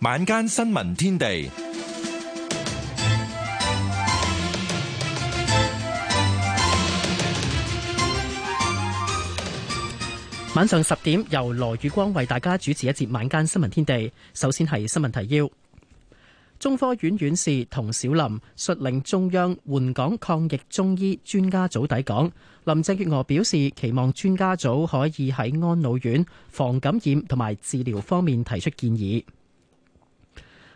晚間新聞天地，晚上十點由羅宇光為大家主持一節晚間新聞天地。首先係新聞提要：中科院院士仝小林率領中央援港抗疫中醫專家組抵港。林鄭月娥表示期望專家組可以喺安老院防感染同埋治療方面提出建議。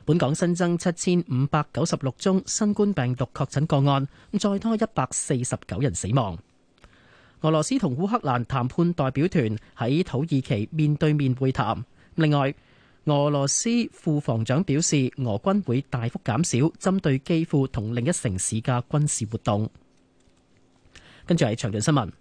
本港新增七千五百九十六宗新冠病毒確診個案，再多一百四十九人死亡。俄羅斯同烏克蘭談判代表團喺土耳其面對面會談。另外，俄羅斯副防長表示，俄軍會大幅減少針對基輔同另一城市嘅軍事活動。跟住係長段新聞。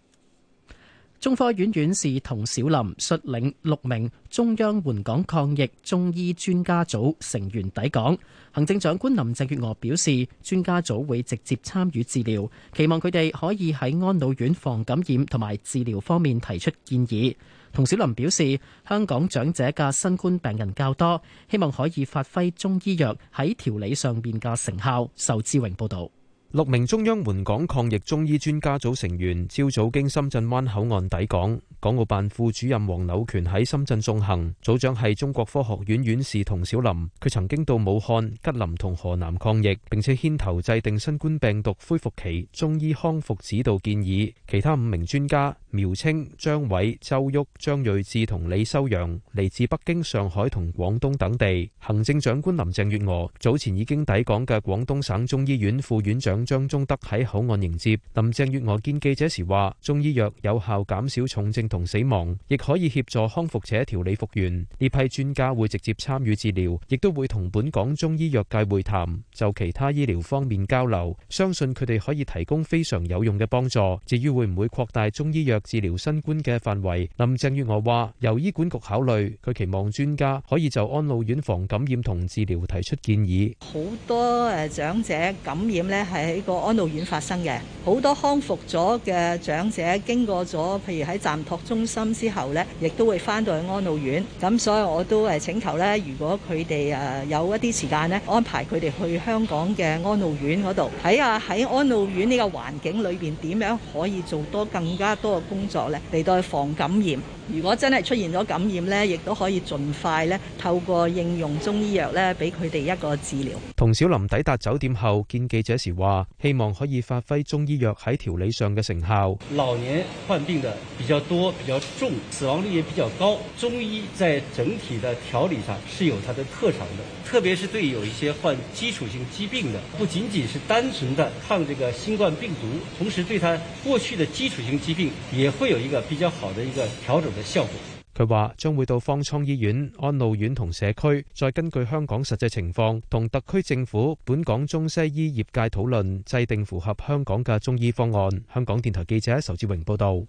中科院院士童小林率領六名中央援港抗疫中醫專家組成員抵港。行政長官林鄭月娥表示，專家組會直接參與治療，期望佢哋可以喺安老院防感染同埋治療方面提出建議。童小林表示，香港長者嘅新冠病人較多，希望可以發揮中醫藥喺調理上面嘅成效。受志榮報道。六名中央援港抗疫中醫專家組成員朝早經深圳灣口岸抵港，港澳辦副主任黃柳權喺深圳送行。組長係中國科學院院士童小林，佢曾經到武漢、吉林同河南抗疫，並且牽頭制定新冠病毒恢復期中醫康復指導建議。其他五名專家苗青、張偉、周旭、張瑞志同李修陽嚟自北京、上海同廣東等地。行政長官林鄭月娥早前已經抵港嘅廣東省中醫院副院長，張忠德喺口岸迎接林鄭月娥見記者時話，中醫藥有效減少重症同死亡，亦可以協助康復者調理復原。呢批專家會直接參與治療，亦都會同本港中醫藥界會談，就其他醫療方面交流。相信佢哋可以提供非常有用嘅幫助。至於會唔會擴大中醫藥治療新冠嘅範圍，林鄭月娥話由醫管局考慮。佢期望專家可以就安老院防感染同治療提出建議。好多誒長者感染咧係。喺個安老院發生嘅好多康復咗嘅長者，經過咗譬如喺暫託中心之後呢，亦都會翻到去安老院。咁所以我都誒請求呢，如果佢哋誒有一啲時間呢，安排佢哋去香港嘅安老院嗰度睇下喺安老院呢個環境裏邊點樣可以做多更加多嘅工作呢，嚟到防感染。如果真係出現咗感染呢，亦都可以盡快呢，透過應用中醫藥呢，俾佢哋一個治療。同小林抵達酒店後，見記者時話。希望可以發揮中醫藥在調理上的成效。老年患病的比較多，比較重，死亡率也比較高。中醫在整體的調理上是有它的特長的，特別是對有一些患基礎性疾病的，不僅僅是單純的抗這個新冠病毒，同時對它過去的基礎性疾病也會有一個比較好的一個調整的效果。佢話將會到方艙醫院、安老院同社區，再根據香港實際情況同特區政府、本港中西醫業界討論，制定符合香港嘅中醫方案。香港電台記者仇志榮報導。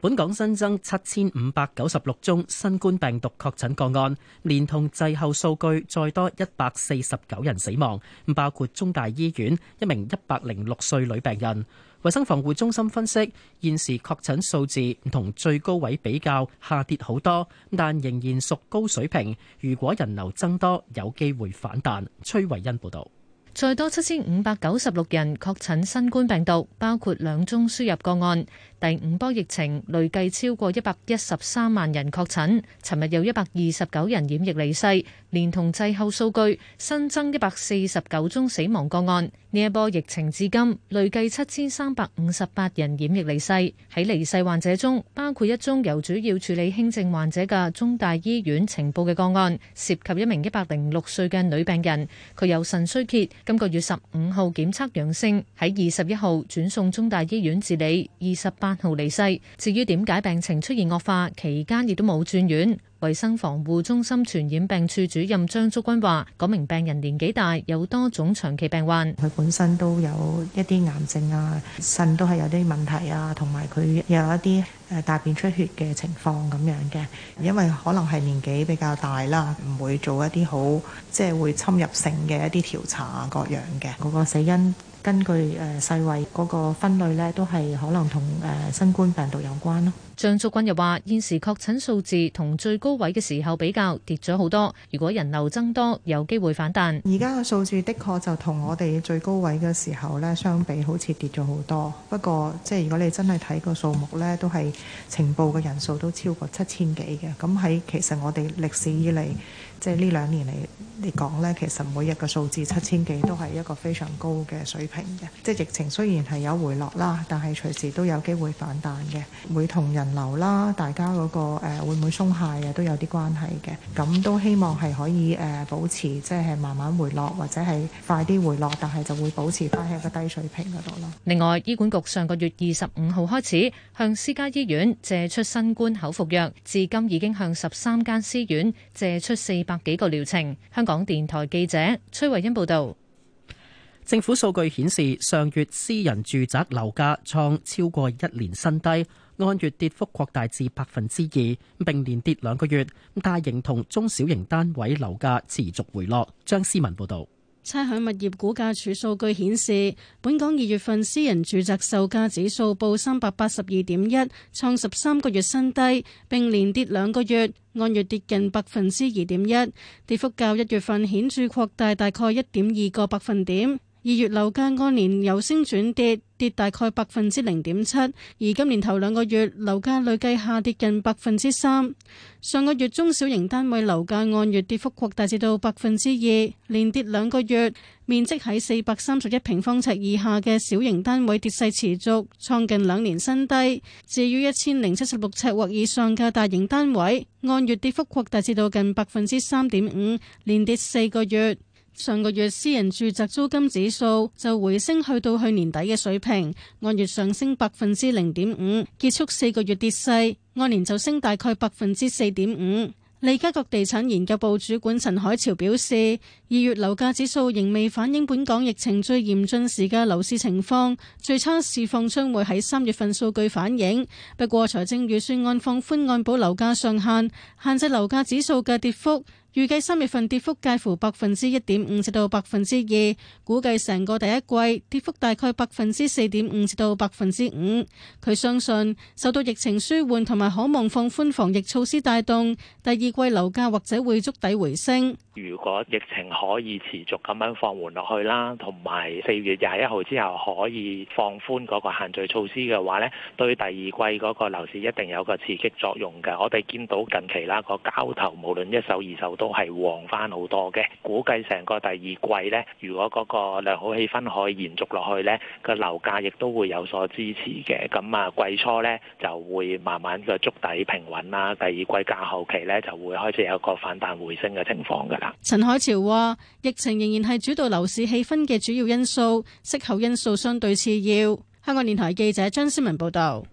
本港新增七千五百九十六宗新冠病毒確診個案，連同滯後數據，再多一百四十九人死亡，咁包括中大醫院一名一百零六歲女病人。衛生防護中心分析，現時確診數字同最高位比較下跌好多，但仍然屬高水平。如果人流增多，有機會反彈。崔慧恩報導，再多七千五百九十六人確診新冠病毒，包括兩宗輸入個案。第五波疫情累計超過一百一十三萬人確診，尋日有一百二十九人染疫離世，連同滯後數據，新增一百四十九宗死亡個案。呢一波疫情至今累計七千三百五十八人染疫離世。喺離世患者中，包括一宗由主要處理輕症患者嘅中大醫院情報嘅個案，涉及一名一百零六歲嘅女病人，佢有腎衰竭，今個月十五號檢測陽性，喺二十一號轉送中大醫院治理，二十八。號離世。至於點解病情出現惡化，期間亦都冇轉院。衛生防護中心傳染病處主任張竹君話：嗰名病人年紀大，有多種長期病患，佢本身都有一啲癌症啊，腎都係有啲問題啊，同埋佢有一啲誒大便出血嘅情況咁樣嘅，因為可能係年紀比較大啦，唔會做一啲好即係會侵入性嘅一啲調查啊各樣嘅，嗰個死因，根據誒世衛嗰個分類呢，都係可能同誒新冠病毒有關咯。張竹君又話：現時確診數字同最高位嘅時候比較跌咗好多，如果人流增多，有機會反彈。而家嘅數字的確就同我哋最高位嘅時候呢相比，好似跌咗好多。不過即係如果你真係睇個數目呢，都係呈報嘅人數都超過七千幾嘅。咁喺其實我哋歷史以嚟，即係呢兩年嚟，嚟講咧，其實每日嘅數字七千幾都係一個非常高嘅水平嘅，即係疫情雖然係有回落啦，但係隨時都有機會反彈嘅，會同人流啦、大家嗰個誒會唔會鬆懈啊，都有啲關係嘅。咁都希望係可以誒保持，即係慢慢回落或者係快啲回落，但係就會保持翻喺個低水平嗰度咯。另外，醫管局上個月二十五號開始向私家醫院借出新冠口服藥，至今已經向十三間私院借出四百幾個療程。香港港電台記者崔慧欣報道，政府數據顯示，上月私人住宅樓價創超過一年新低，按月跌幅擴大至百分之二，並連跌兩個月。大型同中小型單位樓價持續回落。張思文報道。差餉物業估價署數據顯示，本港二月份私人住宅售價指數報三百八十二點一，創十三個月新低，並連跌兩個月，按月跌近百分之二點一，跌幅較一月份顯著擴大，大概一點二個百分點。二月樓價按年由升轉跌，跌大概百分之零點七。而今年頭兩個月樓價累計下跌近百分之三。上個月中小型單位樓價按月跌幅擴大至到百分之二，連跌兩個月。面積喺四百三十一平方尺以下嘅小型單位跌勢持續，創近兩年新低。至於一千零七十六尺或以上嘅大型單位，按月跌幅擴大至到近百分之三點五，連跌四個月。上個月私人住宅租金指數就回升去到去年底嘅水平，按月上升百分之零點五，結束四個月跌勢，按年就升大概百分之四點五。利嘉閣地產研究部主管陳海潮表示，二月樓價指數仍未反映本港疫情最嚴峻時嘅樓市情況，最差市況將會喺三月份數據反映。不過財政預算案放寬按保樓價上限，限制樓價指數嘅跌幅。預計三月份跌幅介乎百分之一點五至到百分之二，估計成個第一季跌幅大概百分之四點五至到百分之五。佢相信受到疫情舒緩同埋可望放寬防疫措施帶動，第二季樓價或者會觸底回升。如果疫情可以持續咁樣放緩落去啦，同埋四月廿一號之後可以放寬嗰個限聚措施嘅話呢，對第二季嗰個樓市一定有個刺激作用嘅。我哋見到近期啦個交投，無論一手二手都都係旺翻好多嘅，估計成個第二季咧，如果嗰個良好氣氛可以延續落去咧，個樓價亦都會有所支持嘅。咁啊，季初咧就會慢慢嘅築底平穩啦，第二季價後期咧就會開始有個反彈回升嘅情況㗎喇。陳海潮話：疫情仍然係主導樓市氣氛嘅主要因素，息口因素相對次要。香港電台記者張思文報道。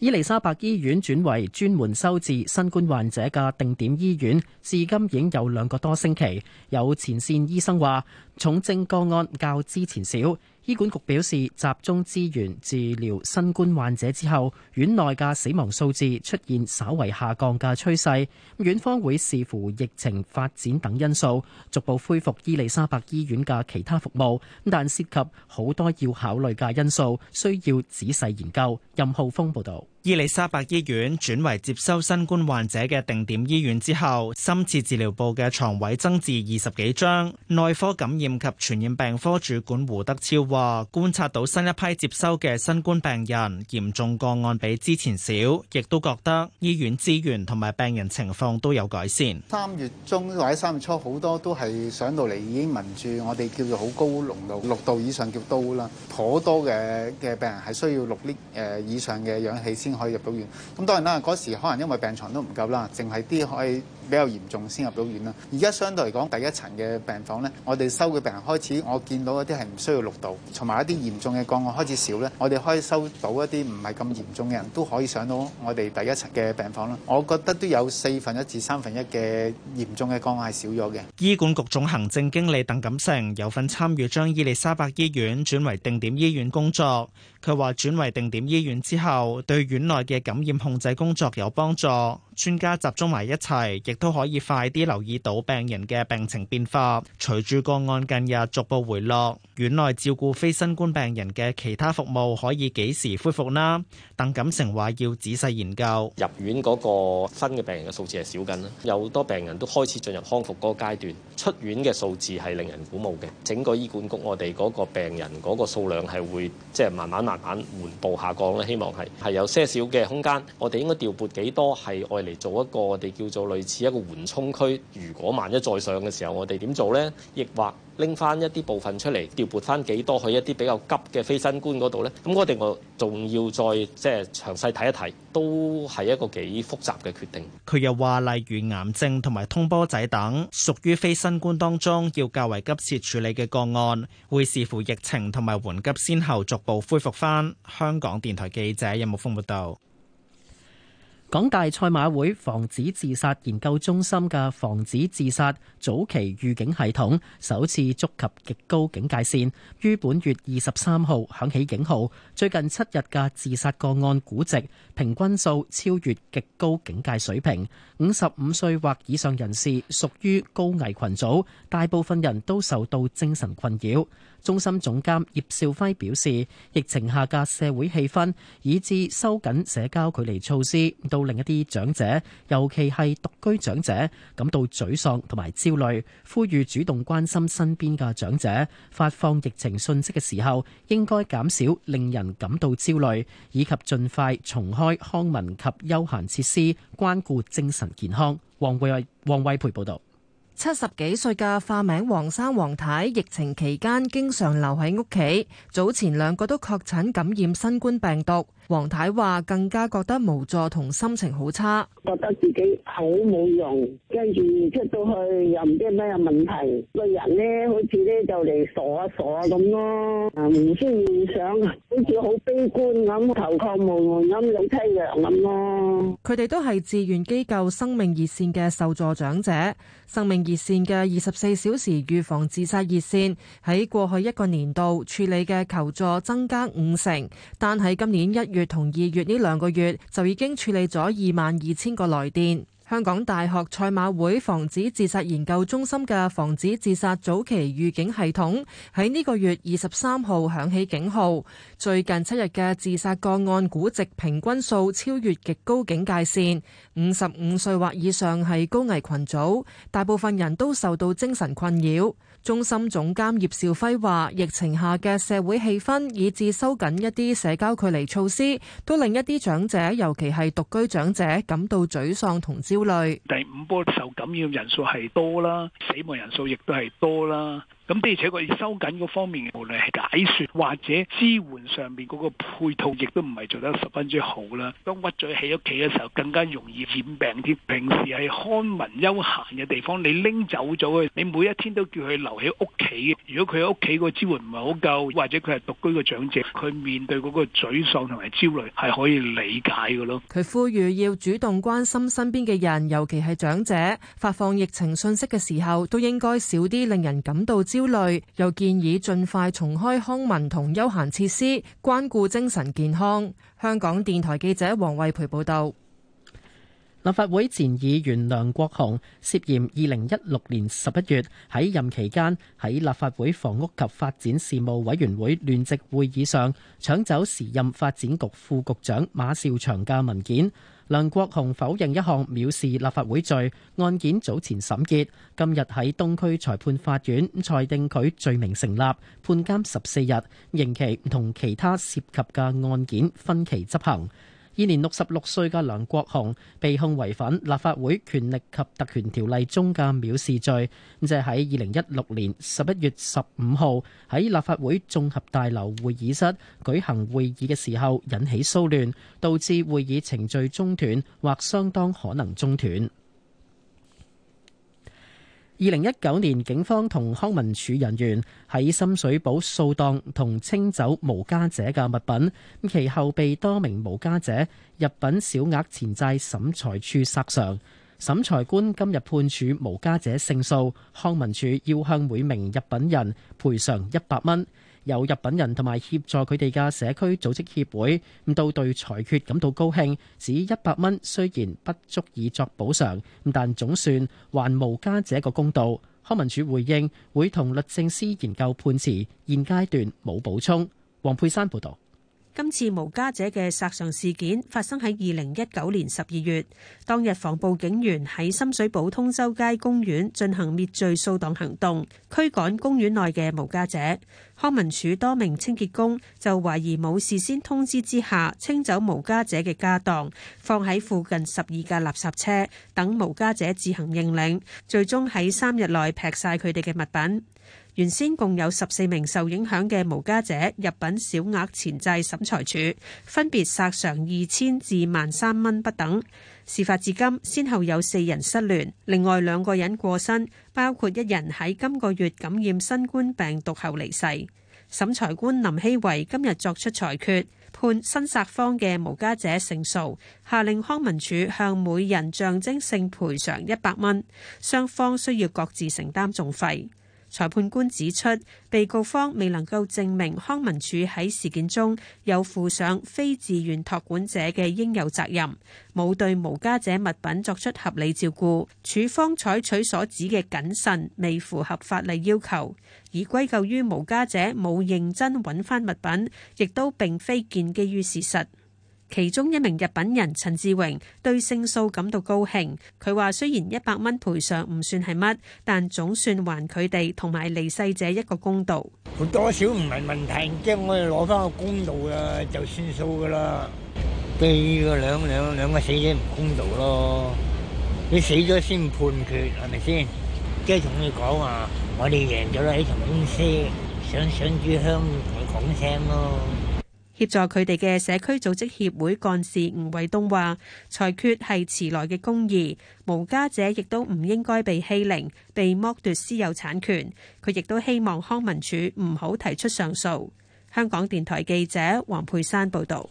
伊麗莎白醫院轉為專門收治新冠患者嘅定點醫院，至今已經有兩個多星期。有前綫醫生話，重症個案較之前少。醫管局表示，集中資源治療新冠患者之後，院內嘅死亡數字出現稍為下降嘅趨勢。院方會視乎疫情發展等因素，逐步恢復伊利沙伯醫院嘅其他服務，但涉及好多要考慮嘅因素，需要仔細研究。任浩峰報導。伊利沙白醫院轉為接收新冠患者嘅定點醫院之後，深切治療部嘅床位增至二十幾張。內科感染及傳染病科主管胡德超話，觀察到新一批接收嘅新冠病人，嚴重個案比之前少，亦都覺得醫院資源同埋病人情況都有改善。三月中或者三月初，好多都係上到嚟已經聞住我哋叫做好高濃度，六度以上叫高啦，頗多嘅嘅病人係需要六厘誒以上嘅氧氣先。可以入到院，咁當然啦。嗰時可能因為病床都唔夠啦，淨係啲可以。比較嚴重先入到院啦。而家相對嚟講，第一層嘅病房咧，我哋收嘅病人開始，我見到一啲係唔需要綠到，同埋一啲嚴重嘅個案開始少咧，我哋可以收到一啲唔係咁嚴重嘅人都可以上到我哋第一層嘅病房啦。我覺得都有四分一至三分一嘅嚴重嘅個案係少咗嘅。醫管局總行政經理鄧錦成有份參與將伊利沙伯醫院轉為定點醫院工作，佢話轉為定點醫院之後，對院內嘅感染控制工作有幫助。專家集中埋一齊，亦都可以快啲留意到病人嘅病情變化。隨住個案近日逐步回落，院內照顧非新冠病人嘅其他服務可以幾時恢復呢？鄧錦成話要仔細研究。入院嗰個新嘅病人嘅數字係少緊啦，有好多病人都開始進入康復嗰個階段，出院嘅數字係令人鼓舞嘅。整個醫管局我哋嗰個病人嗰個數量係會即係、就是、慢慢慢慢緩步下降啦。希望係係有些少嘅空間，我哋應該調撥幾多係我，嚟做一個我哋叫做類似一個緩衝區，如果萬一再上嘅時候，我哋點做咧？亦或拎翻一啲部分出嚟調撥翻幾多去一啲比較急嘅非新冠嗰度咧？咁我哋我仲要再即係詳細睇一睇，都係一個幾複雜嘅決定。佢又話例如癌症同埋通波仔等，屬於非新冠當中要較為急切處理嘅個案，會視乎疫情同埋緩急先後逐步恢復翻。香港電台記者任木豐報道。港大賽馬會防止自殺研究中心嘅防止自殺早期預警系統首次觸及極高警戒線，於本月二十三號響起警號。最近七日嘅自殺個案估值平均數超越極高警戒水平。五十五歲或以上人士屬於高危群組，大部分人都受到精神困擾。中心總監葉兆輝表示，疫情下嘅社會氣氛，以致收緊社交距離措施，到令一啲長者，尤其係獨居長者，感到沮喪同埋焦慮。呼籲主動關心身邊嘅長者，發放疫情信息嘅時候，應該減少令人感到焦慮，以及盡快重開康文及休閒設施，關顧精神健康。黃慧黃慧培報道。七十幾歲嘅化名黃生黃太，疫情期間經常留喺屋企，早前兩個都確診感染新冠病毒。王太話更加覺得無助同心情好差，覺得自己好冇用，跟住出到去又唔知咩問題，個人咧好似咧就嚟傻啊、傻啊咁咯，胡思亂想，好似好悲觀咁，求救無門咁，有淒涼咁咯。佢哋都係志願機構生命熱線嘅受助長者。生命熱線嘅二十四小時預防自殺熱線喺過去一個年度處理嘅求助增加五成，但喺今年一月，月同二月呢兩個月就已經處理咗二萬二千個來電。香港大學賽馬會防止自殺研究中心嘅防止自殺早期預警系統喺呢個月二十三號響起警號，最近七日嘅自殺個案估值平均數超越極高警戒線，五十五歲或以上係高危群組，大部分人都受到精神困擾。中心總監葉兆輝話，疫情下嘅社會氣氛，以至收緊一啲社交距離措施，都令一啲長者，尤其係獨居長者，感到沮喪同焦慮。第五波受感染人數係多啦，死亡人數亦都係多啦。咁的而且佢要收緊嗰方面嘅，無論係解説或者支援上面嗰個配套，亦都唔係做得十分之好啦。當屈咗喺屋企嘅時候，更加容易染病啲。平時係康文休閒嘅地方，你拎走咗佢，你每一天都叫佢留喺屋企。如果佢喺屋企個支援唔係好夠，或者佢係獨居嘅長者，佢面對嗰個沮喪同埋焦慮係可以理解嘅咯。佢呼籲要主動關心身邊嘅人，尤其係長者，發放疫情信息嘅時候都應該少啲令人感到焦焦慮，又建議盡快重開康文同休閒設施，關顧精神健康。香港電台記者黃慧培報道。立法會前議員梁國雄涉嫌二零一六年十一月喺任期間喺立法會房屋及發展事務委員會聯席會議上搶走時任發展局副局長馬紹祥嘅文件。梁國雄否認一項藐視立法會罪，案件早前審結，今日喺東區裁判法院裁定佢罪名成立，判監十四日，刑期同其他涉及嘅案件分期執行。今年六十六歲嘅梁國雄被控違反《立法會權力及特權條例》中嘅藐視罪，咁就係喺二零一六年十一月十五號喺立法會綜合大樓會議室舉行會議嘅時候引起騷亂，導致會議程序中斷或相當可能中斷。二零一九年，警方同康文署人員喺深水埗掃蕩同清走無家者嘅物品，其後被多名無家者入稟小額錢債審裁處索償。審裁官今日判處無家者勝訴，康文署要向每名入稟人賠償一百蚊。有入稟人同埋協助佢哋嘅社區組織協會，咁都對裁決感到高興，指一百蚊雖然不足以作補償，咁但總算還無家者個公道。康文署回應會同律政司研究判詞，現階段冇補充。黃佩珊報導。今次無家者嘅殺常事件發生喺二零一九年十二月，當日防暴警員喺深水埗通州街公園進行滅罪掃蕩行動，驅趕公園內嘅無家者。康文署多名清潔工就懷疑冇事先通知之下，清走無家者嘅家當，放喺附近十二架垃圾車，等無家者自行認領。最終喺三日內劈晒佢哋嘅物品。原先共有十四名受影響嘅無家者入禀小額錢債審裁處，分別索償二千至萬三蚊不等。事發至今，先後有四人失聯，另外兩個人過身，包括一人喺今個月感染新冠病毒後離世。審裁官林希維今日作出裁決，判申索方嘅無家者勝訴，下令康文署向每人象徵性賠償一百蚊，雙方需要各自承擔訟費。裁判官指出，被告方未能夠證明康文署喺事件中有負上非自願託管者嘅應有責任，冇對無家者物品作出合理照顧。署方採取所指嘅謹慎未符合法例要求，而歸咎於無家者冇認真揾翻物品，亦都並非建基於事實。其中一名日本人陳志榮對勝訴感到高興，佢話雖然一百蚊賠償唔算係乜，但總算還佢哋同埋離世者一個公道。佢多少唔係問題，即係我哋攞翻個公道啊，就算數噶啦。對個兩兩兩個死者唔公道咯，你死咗先判決係咪先？即係同佢講話，我哋贏咗啦喺同公司，上上柱香同佢講聲咯。協助佢哋嘅社區組織協會幹事吳衛東話：裁決係遲來嘅公義，無家者亦都唔應該被欺凌、被剝奪私有產權。佢亦都希望康文署唔好提出上訴。香港電台記者黃佩珊報導。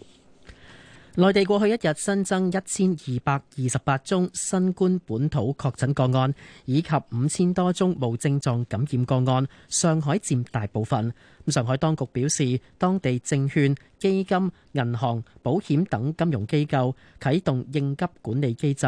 內地過去一日新增一千二百二十八宗新冠本土確診個案，以及五千多宗無症狀感染個案，上海佔大部分。上海當局表示，當地證券、基金、銀行、保險等金融機構啟動應急管理機制，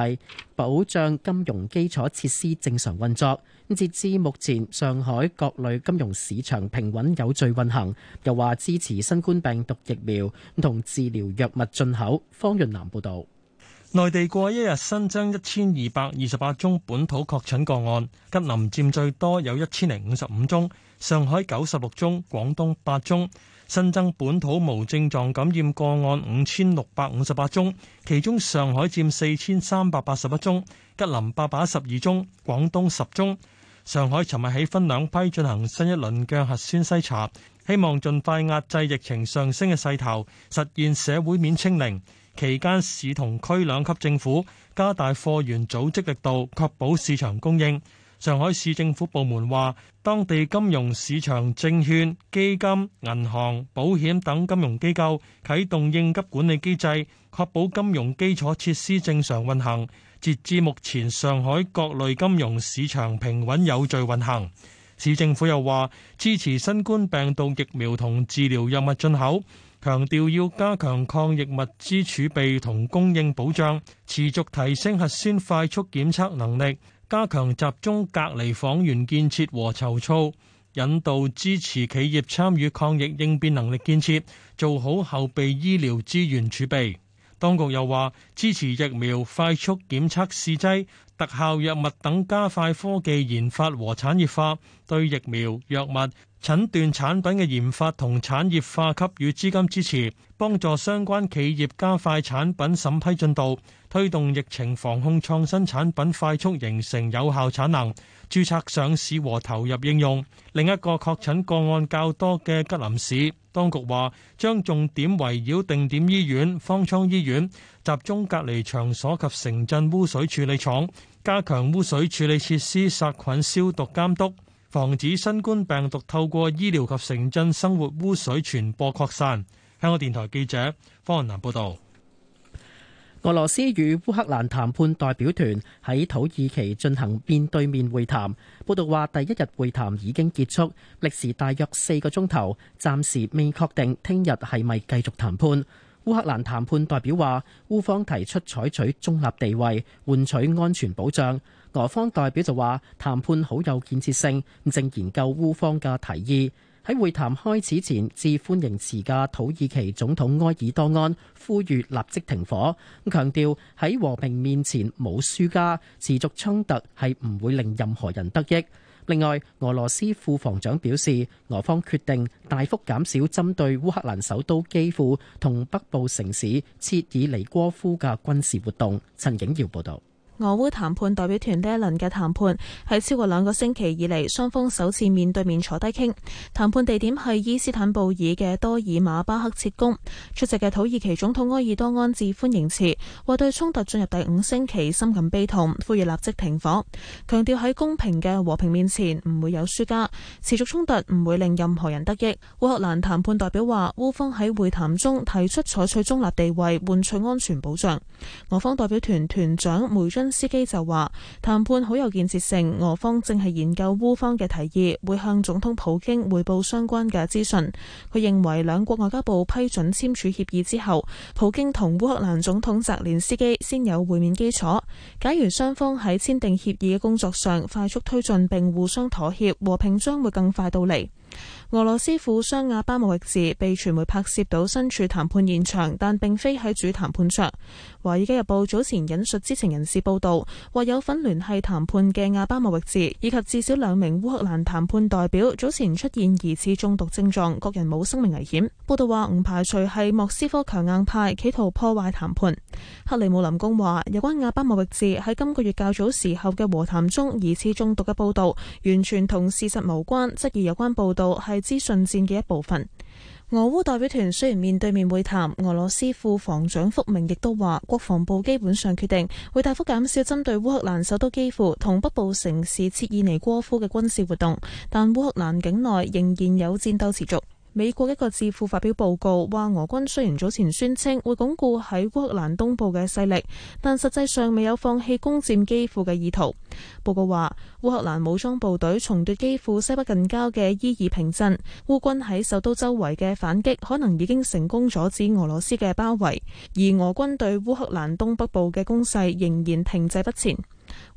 保障金融基礎設施正常運作。截至目前，上海各類金融市場平穩有序運行，又話支持新冠病毒疫苗同治療藥物進口。方潤南報導。內地過一日新增一千二百二十八宗本土確診個案，吉林佔最多，有一千零五十五宗；上海九十六宗，廣東八宗。新增本土無症狀感染個案五千六百五十八宗，其中上海佔四千三百八十一宗，吉林八百一十二宗，廣東十宗。上海尋日起分兩批進行新一輪嘅核酸篩查，希望盡快壓制疫情上升嘅勢頭，實現社會面清零。期間市同區兩級政府加大貨源組織力度，確保市場供應。上海市政府部門話，當地金融市場、證券、基金、銀行、保險等金融機構啟動應急管理機制，確保金融基礎設施正常運行。截至目前，上海各類金融市場平穩有序運行。市政府又話，支持新冠病毒疫苗同治療藥物進口。強調要加強抗疫物資儲備同供應保障，持續提升核酸快速檢測能力，加強集中隔離房源建設和籌措，引導支持企業參與抗疫應變能力建設，做好後備醫療資源儲備。當局又話，支持疫苗、快速檢測試劑、特效藥物等加快科技研發和產業化，對疫苗藥物。診斷產品嘅研發同產業化給予資金支持，幫助相關企業加快產品審批進度，推動疫情防控創新產品快速形成有效產能、註冊上市和投入應用。另一個確診個案較多嘅吉林市，當局話將重點圍繞定點醫院、方艙醫院、集中隔離場所及城鎮污水處理廠，加強污水處理設施殺菌消毒監督。防止新冠病毒透過醫療及城鎮生活污水傳播擴散。香港電台記者方雲南報道。俄羅斯與烏克蘭談判代表團喺土耳其進行面對面會談。報道話，第一日會談已經結束，歷時大約四個鐘頭，暫時未確定聽日係咪繼續談判。烏克蘭談判代表話，烏方提出採取中立地位，換取安全保障。俄方代表就話談判好有建設性，正研究烏方嘅提議。喺會談開始前，致歡迎辭嘅土耳其總統埃爾多安呼籲立即停火，強調喺和平面前冇輸家，持續衝突係唔會令任何人得益。另外，俄羅斯副防長表示，俄方決定大幅減少針對烏克蘭首都基輔同北部城市切爾尼戈夫嘅軍事活動。陳景耀報導。俄烏談判代表團第一輪嘅談判，喺超過兩個星期以嚟，雙方首次面對面坐低傾。談判地點係伊斯坦布爾嘅多爾馬巴克設宮。出席嘅土耳其總統埃爾多安致歡迎辭，話對衝突進入第五星期深感悲痛，呼籲立即停火，強調喺公平嘅和平面前唔會有輸家。持續衝突唔會令任何人得益。烏克蘭談判代表話，烏方喺會談中提出採取中立地位換取安全保障。俄方代表團團長梅津司機就話談判好有建設性，俄方正係研究烏方嘅提議，會向總統普京匯報相關嘅資訊。佢認為兩國外交部批准簽署協議之後，普京同烏克蘭總統澤連斯基先有會面基礎。假如雙方喺簽訂協議嘅工作上快速推進並互相妥協，和平將會更快到嚟。俄羅斯富商亞巴莫域治被傳媒拍攝到身處談判現場，但並非喺主談判場。華爾街日報早前引述知情人士報道，話有份聯繫談判嘅亞巴莫域治以及至少兩名烏克蘭談判代表早前出現疑似中毒症狀，各人冇生命危險。報道話唔排除係莫斯科強硬派企圖破壞談判。克里姆林宮話有關亞巴莫域治喺今個月較早時候嘅和談中疑似中毒嘅報道，完全同事實無關，質疑有關報道係資訊戰嘅一部分。俄烏代表團雖然面對面會談，俄羅斯副防長福明亦都話，國防部基本上決定會大幅減少針對烏克蘭首都基輔同北部城市切爾尼戈夫嘅軍事活動，但烏克蘭境內仍然有戰鬥持續。美國一個智庫發表報告，話俄軍雖然早前宣稱會鞏固喺烏克蘭東部嘅勢力，但實際上未有放棄攻占基輔嘅意圖。報告話，烏克蘭武裝部隊重奪基輔西北近郊嘅伊爾平鎮，烏軍喺首都周圍嘅反擊可能已經成功阻止俄羅斯嘅包圍，而俄軍對烏克蘭東北部嘅攻勢仍然停滯不前。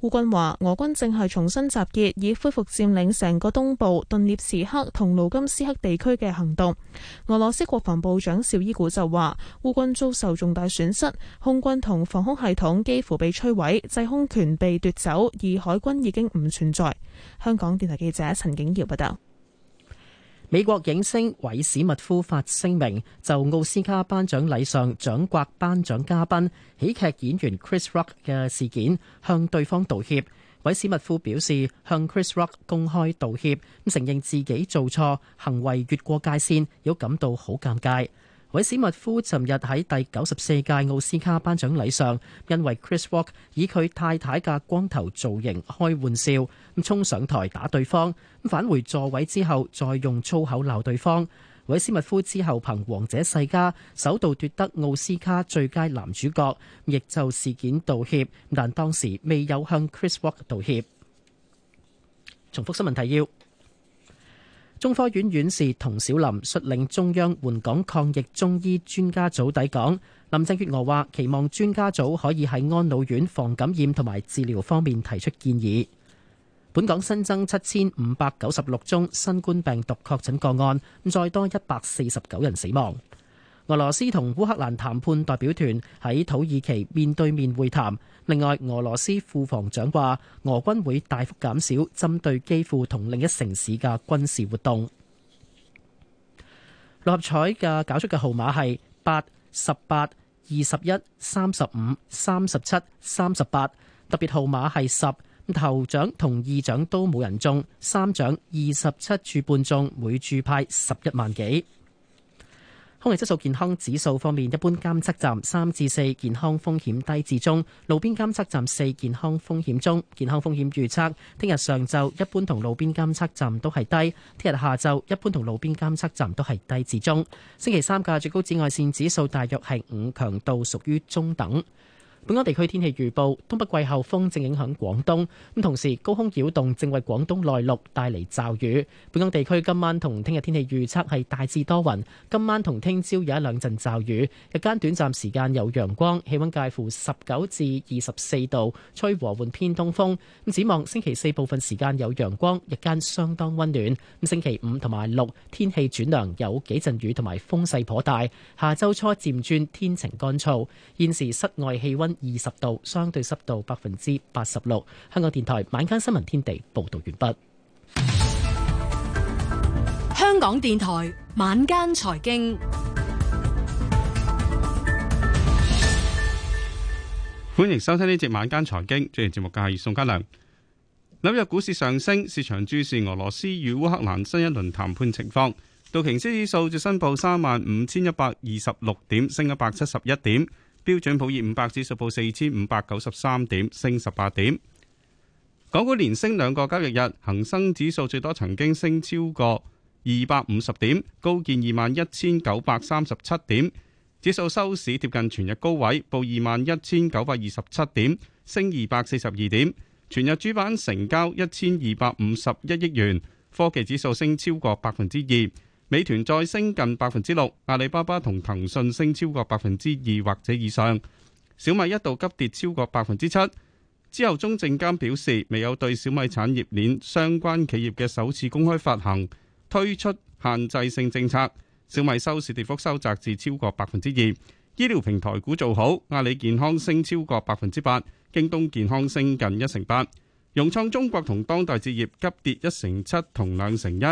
烏軍話，俄軍正係重新集結，以恢復佔領成個東部頓涅茨克同盧甘斯克地區嘅行動。俄羅斯國防部長紹伊古就話，烏軍遭受重大損失，空軍同防空系統幾乎被摧毀，制空權被奪走，而海軍已經唔存在。香港電台記者陳景瑤報道。美國影星韋史密夫發聲明，就奧斯卡頒獎禮上掌摑頒獎嘉賓喜劇演員 Chris Rock 嘅事件向對方道歉。韋史密夫表示向 Chris Rock 公開道歉，承認自己做錯，行為越過界線，有感到好尷尬。韋斯密夫尋日喺第九十四屆奧斯卡頒獎禮上，因為 Chris Rock 以佢太太嘅光頭造型開玩笑，咁衝上台打對方，咁返回座位之後再用粗口鬧對方。韋斯密夫之後憑《王者世家》首度奪得奧斯卡最佳男主角，亦就事件道歉，但當時未有向 Chris Rock 道歉。重複新聞提要。中科院院士童小林率領中央援港抗疫中醫專家組抵港。林鄭月娥話：期望專家組可以喺安老院防感染同埋治療方面提出建議。本港新增七千五百九十六宗新冠病毒確診個案，再多一百四十九人死亡。俄羅斯同烏克蘭談判代表團喺土耳其面對面會談。另外，俄羅斯副防長話，俄軍會大幅減少針對基輔同另一城市嘅軍事活動。六合彩嘅搞出嘅號碼係八、十八、二十一、三十五、三十七、三十八。特別號碼係十。咁頭獎同二獎都冇人中，三獎二十七注半中，每注派十一萬幾。空氣質素健康指數方面，一般監測站三至四，健康風險低至中；路邊監測站四，健康風險中。健康風險預測：聽日上晝一般同路邊監測站都係低；聽日下晝一般同路邊監測站都係低至中。星期三嘅最高紫外線指數大約係五，強度屬於中等。本港地區天氣預報，東北季候風正影響廣東，咁同時高空擾動正為廣東內陸帶嚟驟雨。本港地區今晚同聽日天氣預測係大致多雲，今晚同聽朝有一兩陣驟雨，日間短暫時間有陽光，氣溫介乎十九至二十四度，吹和緩偏東風，咁展望星期四部分時間有陽光，日間相當溫暖。咁星期五同埋六天氣轉涼，有幾陣雨同埋風勢頗大。下周初漸轉天晴乾燥。現時室外氣溫。二十度，相對濕度百分之八十六。香港電台晚間新聞天地報道完畢。香港電台晚間財經， 歡迎收聽呢節晚間財經。主持節目嘅係宋嘉良。紐約股市上升，市場注視俄羅斯與烏克蘭新一輪談判情況。道瓊斯指數就升報三萬五千一百二十六點，升一百七十一點。標準普爾五百指數報四千五百九十三點，升十八點。港股連升兩個交易日，恆生指數最多曾經升超過二百五十點，高見二萬一千九百三十七點。指數收市貼近全日高位，報二萬一千九百二十七點，升二百四十二點。全日主板成交一千二百五十一億元，科技指數升超過百分之二。美團再升近百分之六，阿里巴巴同騰訊升超過百分之二或者以上，小米一度急跌超過百分之七。之後中證監表示未有對小米產業鏈相關企業嘅首次公開發行推出限制性政策，小米收市跌幅收窄至超過百分之二。醫療平台股做好，阿里健康升超過百分之八，京東健康升近一成八，融創中國同當代置業急跌一成七同兩成一。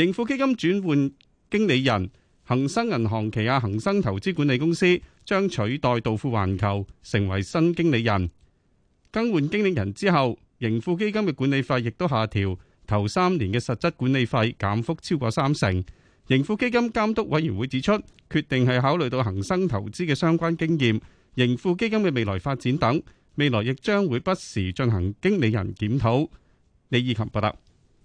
盈富基金轉換經理人，恒生銀行旗下恒生投資管理公司將取代道富環球成為新經理人。更換經理人之後，盈富基金嘅管理費亦都下調，頭三年嘅實質管理費減幅超過三成。盈富基金監督委員會指出，決定係考慮到恒生投資嘅相關經驗、盈富基金嘅未來發展等，未來亦將會不時進行經理人檢討。李以琴報道。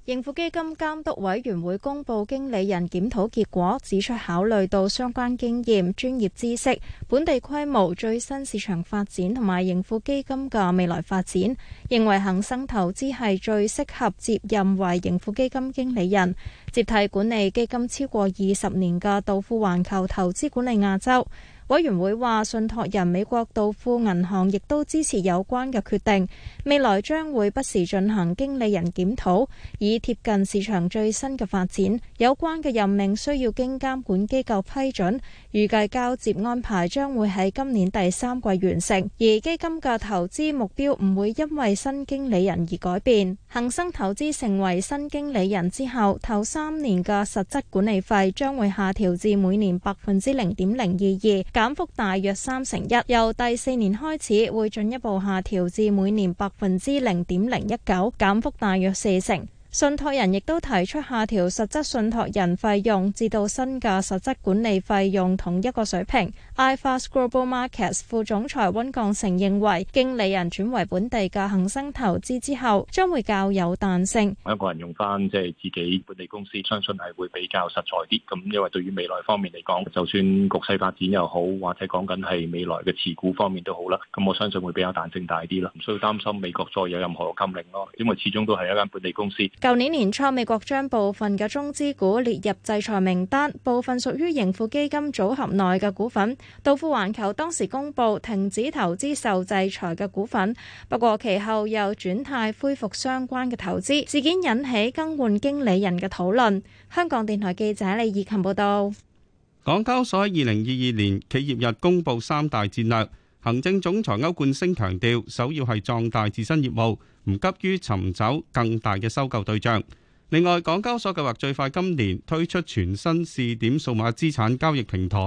盈富基金監督委員會公布經理人檢討結果，指出考慮到相關經驗、專業知識、本地規模、最新市場發展同埋盈富基金嘅未來發展，認為恒生投資係最適合接任為盈富基金經理人，接替管理基金超過二十年嘅道富環球投資管理亞洲。委員會話，信託人美國道富銀行亦都支持有關嘅決定，未來將會不時進行經理人檢討，以貼近市場最新嘅發展。有關嘅任命需要經監管機構批准，預計交接安排將會喺今年第三季完成，而基金嘅投資目標唔會因為新經理人而改變。恆生投資成為新經理人之後，頭三年嘅實質管理費將會下調至每年百分之零點零二二，減幅大約三成一。由第四年開始，會進一步下調至每年百分之零點零一九，減幅大約四成。信託人亦都提出下調實質信託人費用，至到新嘅實質管理費用同一個水平。iFAST Global Markets 副總裁温鋼成認為，經理人轉為本地嘅恒生投資之後，將會較有彈性。我一個人用翻即係自己本地公司，相信係會比較實在啲。咁因為對於未來方面嚟講，就算局勢發展又好，或者講緊係未來嘅持股方面都好啦，咁我相信會比較彈性大啲啦。唔需要擔心美國再有任何禁令咯，因為始終都係一間本地公司。舊年年初，美國將部分嘅中資股列入制裁名單，部分屬於盈富基金組合內嘅股份。道富環球當時公布停止投資受制裁嘅股份，不過其後又轉態恢復相關嘅投資。事件引起更換經理人嘅討論。香港電台記者李以琴報道。港交所喺二零二二年企業日公布三大戰略。行政總裁歐冠昇強調，首要係壯大自身業務，唔急於尋找更大嘅收購對象。另外，港交所計劃最快今年推出全新試點數碼資產交易平台，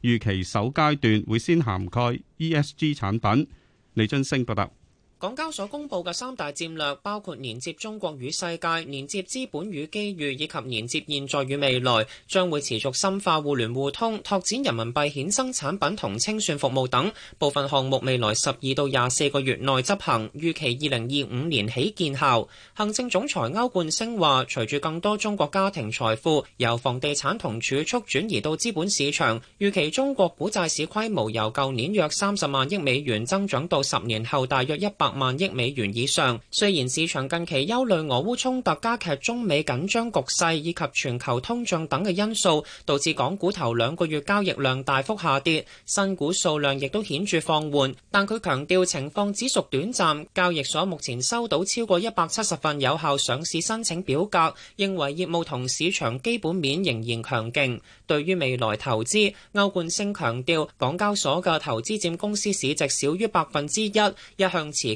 預期首階段會先涵蓋 ESG 產品。李津升報道。港交所公布嘅三大戰略包括連接中國與世界，連接資本與機遇，以及連接現在與未來，將會持續深化互聯互通、拓展人民幣衍生產品同清算服務等部分項目未來十二到廿四個月內執行，預期二零二五年起見效。行政總裁歐冠昇話，隨住更多中國家庭財富由房地產同儲蓄轉移到資本市場，預期中國股債市規模由舊年約三十萬億美元增長到十年後大約一百百萬億美元以上。雖然市場近期憂慮俄烏衝突加劇、中美緊張局勢以及全球通脹等嘅因素，導致港股頭兩個月交易量大幅下跌，新股數量亦都顯著放緩。但佢強調情況只屬短暫。交易所目前收到超過一百七十份有效上市申請表格，認為業務同市場基本面仍然強勁。對於未來投資，歐冠昇強調，港交所嘅投資佔公司市值少於百分之一，一向持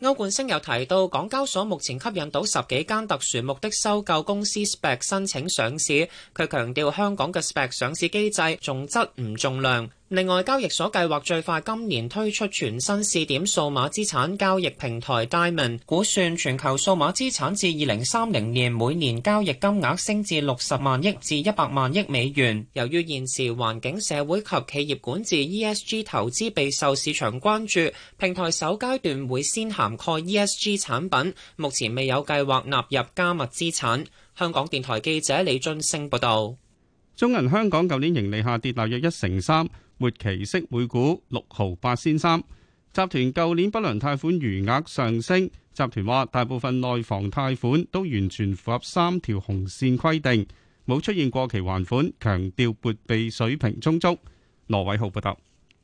歐冠星又提到，港交所目前吸引到十幾間特殊目的收購公司 Spec 申請上市，佢強調香港嘅 Spec 上市機制重質唔重量。另外，交易所計劃最快今年推出全新試點數碼資產交易平台 Diamond，估算全球數碼資產至二零三零年每年交易金額升至六十萬億至一百萬億美元。由於現時環境、社會及企業管治 （ESG） 投資備受市場關注，平台首階段會先涵蓋 ESG 產品，目前未有計劃納入加密資產，香港電台記者李俊升報道。中銀香港舊年盈利下跌大約一成三，末期息每股六毫八仙三。集團舊年不良貸款餘額上升，集團話大部分內房貸款都完全符合三條紅線規定，冇出現過期還款，強調撥備水平充足。羅偉浩報道。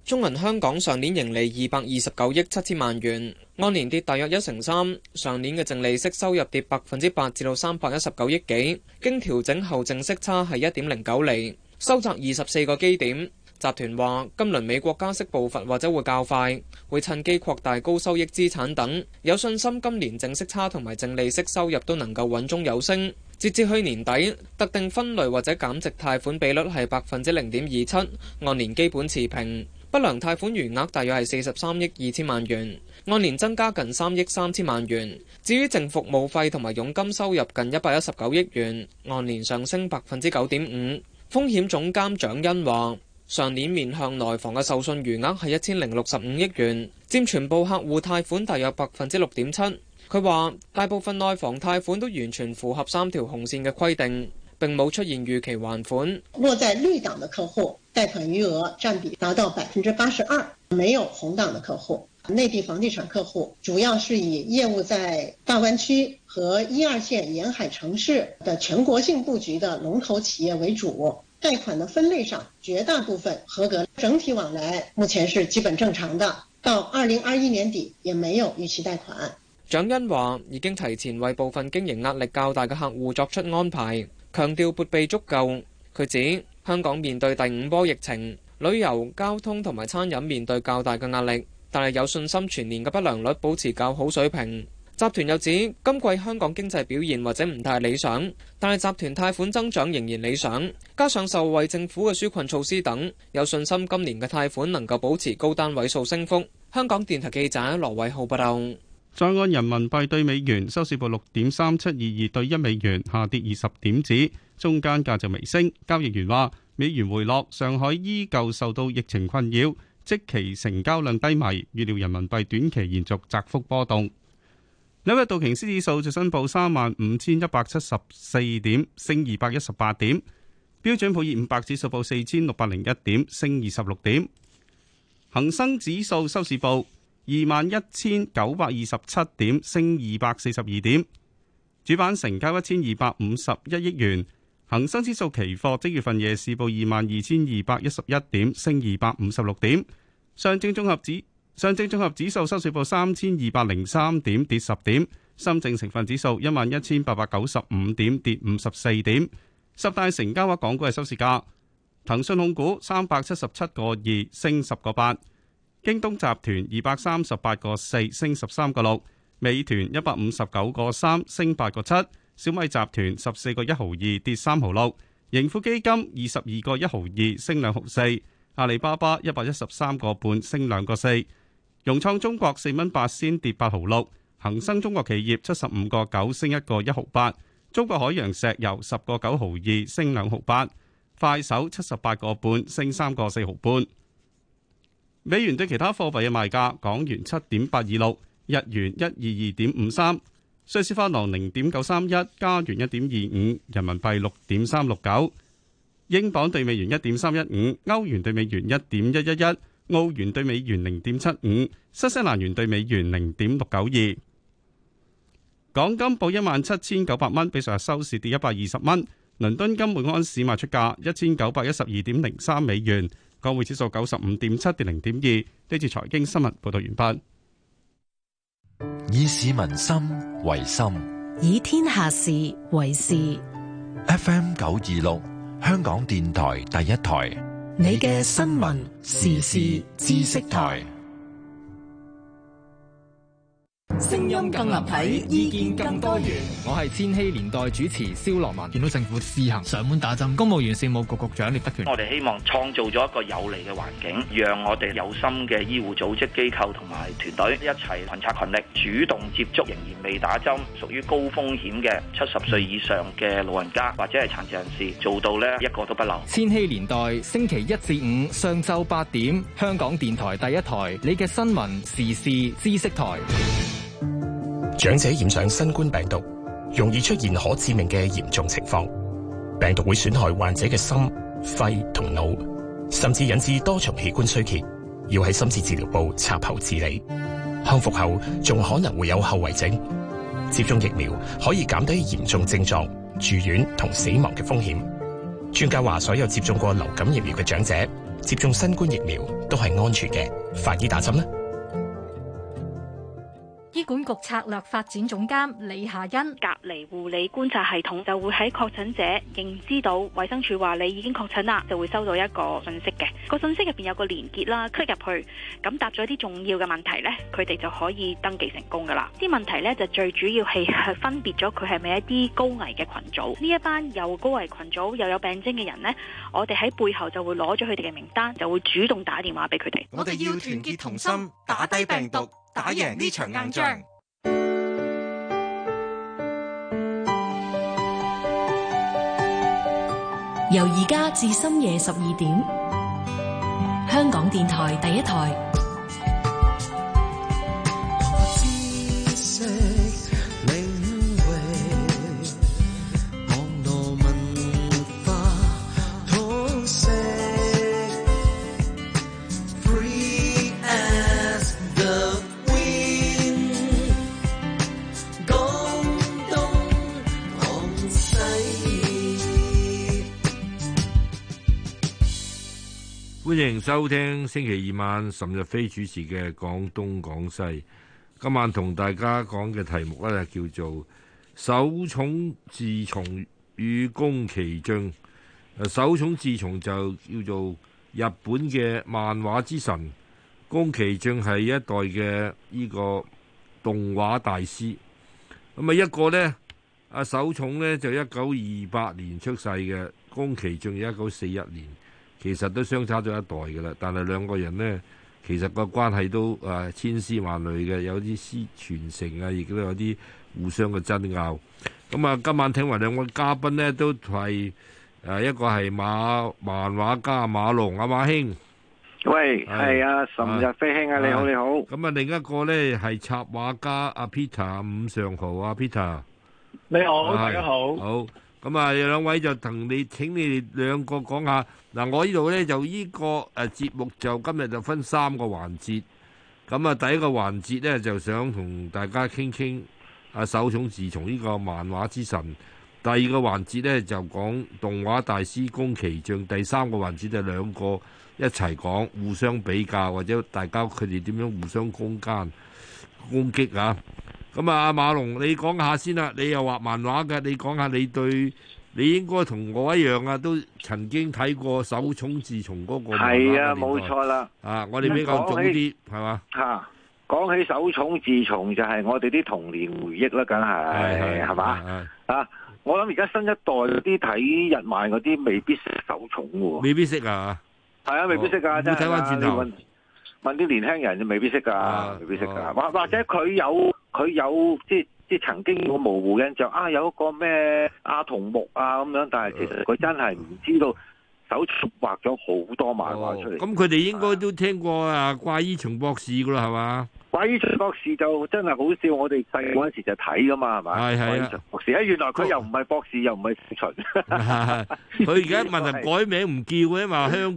中銀香港上年盈利二百二十九億七千萬元，按年跌大約一成三。上年嘅淨利息收入跌百分之八，至到三百一十九億幾，經調整後淨息差係一點零九厘，收窄二十四個基點。集團話今輪美國加息步伐或者會較快，會趁機擴大高收益資產等，有信心今年淨息差同埋淨利息收入都能夠穩中有升。截至去年底，特定分類或者減值貸款比率係百分之零點二七，按年基本持平。不良貸款餘額大約係四十三億二千萬元，按年增加近三億三千萬元。至於淨服務費同埋佣金收入近一百一十九億元，按年上升百分之九點五。風險總監蔣欣話：上年面向內房嘅授信餘額係一千零六十五億元，佔全部客戶貸款大約百分之六點七。佢話：大部分內房貸款都完全符合三條紅線嘅規定。並冇出現逾期還款。落在綠檔的客戶貸款餘額佔比達到百分之八十二，沒有紅檔的客戶。內地房地產客戶主要是以業務在大灣區和一二線沿海城市的全國性布局的龍頭企業為主。貸款的分類上絕大部分合格，整體往來目前是基本正常的。到二零二一年底也沒有逾期貸款。蔣恩話：已經提前為部分經營壓力較大嘅客戶作出安排。強調撥備足夠，佢指香港面對第五波疫情，旅遊、交通同埋餐飲面對較大嘅壓力，但係有信心全年嘅不良率保持較好水平。集團又指今季香港經濟表現或者唔太理想，但係集團貸款增長仍然理想，加上受惠政府嘅紓困措施等，有信心今年嘅貸款能夠保持高單位數升幅。香港電台記者羅偉浩報道。再按人民幣兌美元收市報六點三七二二兌一美元，下跌二十點子，中間價就微升。交易員話：美元回落，上海依舊受到疫情困擾，即期成交量低迷，預料人民幣短期延續窄幅波動。紐約道瓊斯指數就升報三萬五千一百七十四點，升二百一十八點；標準普爾五百指數報四千六百零一點，升二十六點。恆生指數收市報。二萬一千九百二十七點，升二百四十二點。主板成交一千二百五十一億元。恒生指數期貨即月份夜市報二萬二千二百一十一點，升二百五十六點。上證綜合指上證綜合指數收市報三千二百零三點，跌十點。深證成分指數一萬一千八百九十五點，跌五十四點。十大成交額港股嘅收市價，騰訊控股三百七十七個二，升十個八。京東集團二百三十八個四升十三個六，美團一百五十九個三升八個七，小米集團十四個一毫二跌三毫六，盈富基金二十二個一毫二升兩毫四，阿里巴巴一百一十三個半升兩個四，融創中國四蚊八先跌八毫六，恒生中國企業七十五個九升一個一毫八，中國海洋石油十個九毫二升兩毫八，快手七十八個半升三個四毫半。美元對其他貨幣嘅賣價：港元七點八二六，日元一二二點五三，瑞士法郎零點九三一，加元一點二五，人民幣六點三六九，英鎊對美元一點三一五，歐元對美元一點一一一，澳元對美元零點七五，新西蘭元對美元零點六九二。港金報一萬七千九百蚊，比上日收市跌一百二十蚊。倫敦金每安士賣出價一千九百一十二點零三美元。港匯指數九十五點七跌零點二。呢次財經新聞報道完畢。以市民心為心，以天下事為事。FM 九二六，香港電台第一台。你嘅新聞時事知識台。聲音更立體，意見更多元。我係千禧年代主持蕭樂文。見到政府試行上門打針，公務員事務局局長聶德權我哋希望創造咗一個有利嘅環境，讓我哋有心嘅醫護組織機構同埋團隊一齊群策群力，主動接觸仍然未打針、屬於高風險嘅七十歲以上嘅老人家或者係殘疾人士，做到呢一個都不留。千禧年代星期一至五上晝八點，香港電台第一台，你嘅新聞時事知識台。長者染上新冠病毒，容易出現可致命嘅嚴重情況，病毒會損害患者嘅心、肺同腦，甚至引致多重器官衰竭，要喺深切治療部插喉治理。康復後仲可能會有後遺症。接種疫苗可以減低嚴重症狀、住院同死亡嘅風險。專家話，所有接種過流感疫苗嘅長者，接種新冠疫苗都係安全嘅。快啲打針啦。醫管局策略發展總監李夏欣隔離護理觀察系統就會喺確診者認知到，衛生署話你已經確診啦，就會收到一個信息嘅個信息入邊有個連結啦，click 入去咁答咗啲重要嘅問題咧，佢哋就可以登記成功噶啦。啲問題咧就最主要係分別咗佢係咪一啲高危嘅群組呢一班又高危群組又有病徵嘅人咧，我哋喺背後就會攞咗佢哋嘅名單，就會主動打電話俾佢哋。我哋要團結同心，打低病毒。打贏呢場硬仗，由而家至深夜十二點，香港電台第一台。歡迎收聽星期二晚岑日飛主持嘅《廣東廣西》。今晚同大家講嘅題目咧，就叫做《手塚治虫與宮崎駿》。誒，手塚治虫就叫做日本嘅漫畫之神，宮崎駿係一代嘅呢個動畫大師。咁啊，一個呢，阿手塚呢，就一九二八年出世嘅，宮崎駿係一九四一年。其實都相差咗一代嘅啦，但係兩個人呢，其實個關係都啊千絲萬縷嘅，有啲絲傳承啊，亦都有啲互相嘅爭拗。咁、嗯、啊，今晚聽埋兩位嘉賓呢，都係誒、啊、一個係馬漫畫家馬龍啊，馬兄，喂，係是啊，晨日飛兄啊，啊你好，你好。咁啊，另一個呢，係插畫家阿 Peter 伍尚豪啊，Peter，, 豪啊 Peter 你好，大家是好。咁啊，有兩位就同你請你哋兩個講下嗱，我呢度呢，就呢個誒節目就今日就分三個環節。咁啊，第一個環節呢，就想同大家傾傾阿手塚治虫呢個漫畫之神；第二個環節呢，就講動畫大師宮崎駿；第三個環節就兩個一齊講，互相比較或者大家佢哋點樣互相攻間攻擊啊！咁啊、嗯，馬龍，你講下先啦。你又畫漫畫嘅，你講下你對你應該同我一樣啊，都曾經睇過《手塚治虫》嗰個係啊，冇錯啦、啊。啊，我哋比較早啲，係嘛？嚇，講起手塚治虫就係我哋啲童年回憶啦，梗係係嘛？啊，我諗而家新一代嗰啲睇日漫嗰啲未必識手塚喎。未必識啊？係啊，未必識啊！你睇翻轉頭，問啲年輕人就未必識㗎，未必識㗎，或或者佢有。佢有即係即係曾經好模糊印象啊，有一個咩阿、啊、童木啊咁樣，但係其實佢真係唔知道手繪畫咗好多漫畫出嚟。咁佢哋應該都聽過啊，啊怪醫秦博士㗎啦，係嘛？怪醫秦博士就真係好笑，我哋細嗰陣時就睇㗎嘛，係嘛？係係啦。怪醫秦博士啊，原來佢又唔係博士，啊、又唔係秦。佢而家問人改名唔叫㗎嘛？因為香港。